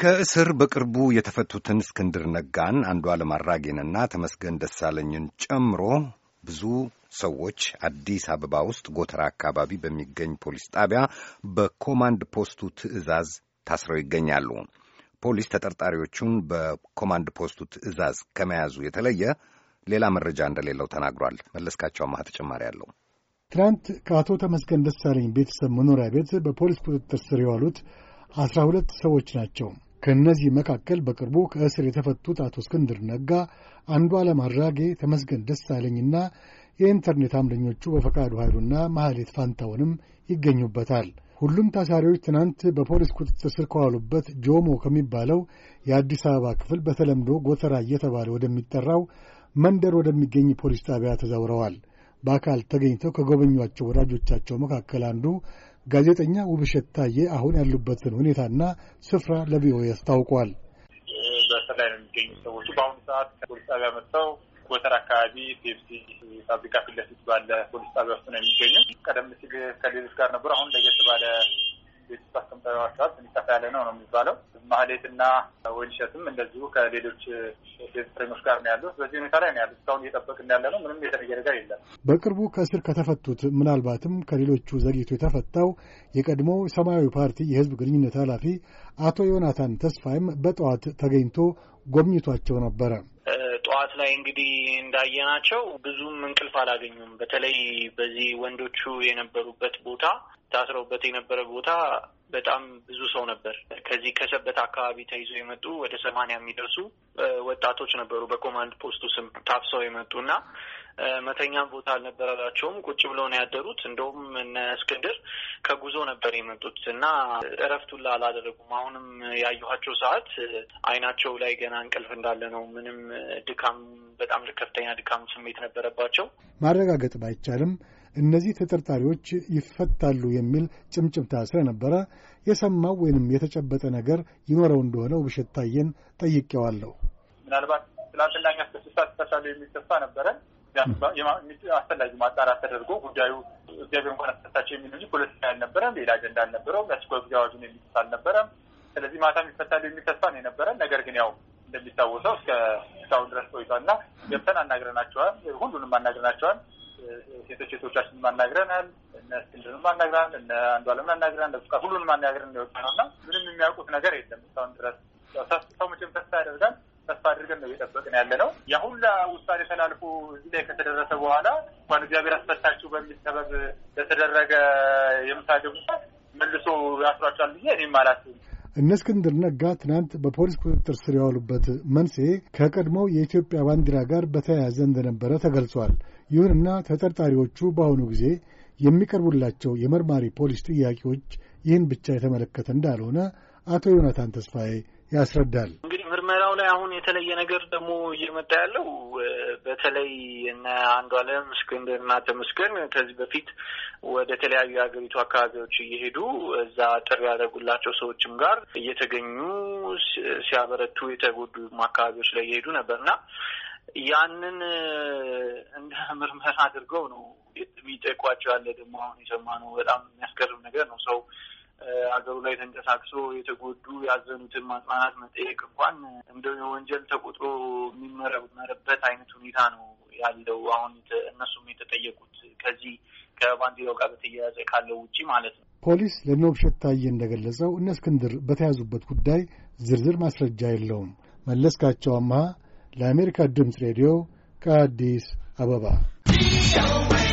ከእስር በቅርቡ የተፈቱትን እስክንድር ነጋን፣ አንዱዓለም አራጌንና ተመስገን ደሳለኝን ጨምሮ ብዙ ሰዎች አዲስ አበባ ውስጥ ጎተራ አካባቢ በሚገኝ ፖሊስ ጣቢያ በኮማንድ ፖስቱ ትዕዛዝ ታስረው ይገኛሉ። ፖሊስ ተጠርጣሪዎቹን በኮማንድ ፖስቱ ትዕዛዝ ከመያዙ የተለየ ሌላ መረጃ እንደሌለው ተናግሯል። መለስካቸው አማሃ ተጨማሪ አለው። ትናንት ከአቶ ተመስገን ደሳለኝ ቤተሰብ መኖሪያ ቤት በፖሊስ ቁጥጥር ስር የዋሉት አስራ ሁለት ሰዎች ናቸው። ከእነዚህ መካከል በቅርቡ ከእስር የተፈቱት አቶ እስክንድር ነጋ፣ ዓለም አራጌ፣ ተመስገን ደሳለኝና የኢንተርኔት አምደኞቹ በፈቃዱ ኃይሉና መሐሌት ፋንታውንም ይገኙበታል። ሁሉም ታሳሪዎች ትናንት በፖሊስ ቁጥጥር ስር ከዋሉበት ጆሞ ከሚባለው የአዲስ አበባ ክፍል በተለምዶ ጎተራ እየተባለ ወደሚጠራው መንደር ወደሚገኝ ፖሊስ ጣቢያ ተዛውረዋል። በአካል ተገኝተው ከጎበኟቸው ወዳጆቻቸው መካከል አንዱ ጋዜጠኛ ውብሸት ታዬ አሁን ያሉበትን ሁኔታና ስፍራ ለቪኦኤ አስታውቋል። በሰላይ ነው የሚገኙ ሰዎቹ በአሁኑ ሰዓት ከፖሊስ ጣቢያ መጥተው ጎተር አካባቢ ፔፕሲ ፋብሪካ ፊት ለፊት ባለ ፖሊስ ጣቢያ ውስጥ ነው የሚገኙ። ቀደም ሲል ከሌሎች ጋር ነበሩ። አሁን ለየት ባለ ቤት ውስጥ አስቀምጠዋቸዋል። ትንሽ ሰፋ ያለ ነው ነው የሚባለው። ማህሌትና ወይንሸትም እንደዚሁ ከሌሎች ፍሬሞች ጋር ነው ያሉት። በዚህ ሁኔታ ላይ ነው ያሉት። እስካሁን እየጠበቅን ያለ ነው። ምንም የተለየ ነገር የለም። በቅርቡ ከእስር ከተፈቱት ምናልባትም ከሌሎቹ ዘግይቶ የተፈታው የቀድሞ ሰማያዊ ፓርቲ የህዝብ ግንኙነት ኃላፊ አቶ ዮናታን ተስፋይም በጠዋት ተገኝቶ ጎብኝቷቸው ነበረ። ጠዋት ላይ እንግዲህ እንዳየናቸው ብዙም እንቅልፍ አላገኙም። በተለይ በዚህ ወንዶቹ የነበሩበት ቦታ ታስረውበት የነበረ ቦታ በጣም ብዙ ሰው ነበር። ከዚህ ከሰበት አካባቢ ተይዞ የመጡ ወደ ሰማንያ የሚደርሱ ወጣቶች ነበሩ። በኮማንድ ፖስቱ ስም ታፍሰው የመጡ እና መተኛም ቦታ አልነበረላቸውም። ቁጭ ብለው ነው ያደሩት። እንደውም እነ እስክንድር ከጉዞ ነበር የመጡት እና እረፍቱን አላደረጉም። አሁንም ያየኋቸው ሰዓት አይናቸው ላይ ገና እንቅልፍ እንዳለ ነው። ምንም ድካም፣ በጣም ከፍተኛ ድካም ስሜት ነበረባቸው። ማረጋገጥ ባይቻልም እነዚህ ተጠርጣሪዎች ይፈታሉ የሚል ጭምጭምታ ስለነበረ የሰማው ወይንም የተጨበጠ ነገር ይኖረው እንደሆነ ውብሸት ታየን ጠይቄዋለሁ። ምናልባት ትላንትና እኛ እስከ ስድስት ሰዓት ይፈታሉ የሚል ተስፋ ነበረ። አስፈላጊ ማጣራት ተደርጎ ጉዳዩ እግዚአብሔር እንኳን አስፈታቸው የሚል እንጂ ፖለቲካ አልነበረም፣ ሌላ አጀንዳ አልነበረውም፣ የአስቸኳይ ጊዜ አዋጁን የሚጥስ አልነበረም። ስለዚህ ማታም ይፈታሉ የሚል ተስፋ ነው የነበረን። ነገር ግን ያው እንደሚታወሰው እስከ እስካሁን ድረስ ቆይቷል ቆይቷልና ገብተን አናግረናቸዋል። ሁሉንም አናግረናቸዋል። ሴቶች ሴቶቻችን አናግረናል፣ እነ እስክንድርም አናግራል፣ እነ አንዱ አለምን አናግራል፣ እነ ፉቃ ሁሉንም አናግረን የወጣ ነው እና ምንም የሚያውቁት ነገር የለም እስካሁን ድረስ። ሰው መቼም ተስፋ ያደርጋል። ተስፋ አድርገን ነው እየጠበቅን ያለ ነው። ያሁላ ውሳኔ ተላልፎ እዚህ ላይ ከተደረሰ በኋላ እንኳን እግዚአብሔር አስፈታችሁ በሚል ሰበብ ለተደረገ የምሳ መልሶ ያስሯቸዋል ብዬ እኔም አላስብም። እነስክንድር ነጋ ትናንት በፖሊስ ቁጥጥር ስር የዋሉበት መንስኤ ከቀድሞው የኢትዮጵያ ባንዲራ ጋር በተያያዘ እንደነበረ ተገልጿል። ይሁንና ተጠርጣሪዎቹ በአሁኑ ጊዜ የሚቀርቡላቸው የመርማሪ ፖሊስ ጥያቄዎች ይህን ብቻ የተመለከተ እንዳልሆነ አቶ ዮናታን ተስፋዬ ያስረዳል። መጀመሪያው ላይ አሁን የተለየ ነገር ደግሞ እየመጣ ያለው በተለይ እነ አንዱ አለም እስክንድር እና ተመስገን ከዚህ በፊት ወደ ተለያዩ የሀገሪቱ አካባቢዎች እየሄዱ እዛ ጥሪ ያደረጉላቸው ሰዎችም ጋር እየተገኙ ሲያበረቱ የተጎዱ አካባቢዎች ላይ እየሄዱ ነበር ያንን እንደ ምርመራ አድርገው ነው የሚጠቋቸው ያለ ደግሞ አሁን የሰማነው በጣም የሚያስገርም ነገር ነው ሰው አገሩ ላይ ተንቀሳቅሶ የተጎዱ ያዘኑትን ማጽናናት መጠየቅ እንኳን እንደ ወንጀል ተቆጥሮ የሚመረመርበት አይነት ሁኔታ ነው ያለው። አሁን እነሱም የተጠየቁት ከዚህ ከባንዲራው ጋር በተያያዘ ካለው ውጪ ማለት ነው። ፖሊስ ለኖብሸት ታዬ እንደገለጸው እነ እስክንድር በተያዙበት ጉዳይ ዝርዝር ማስረጃ የለውም። መለስካቸው አማሃ ለአሜሪካ ድምፅ ሬዲዮ ከአዲስ አበባ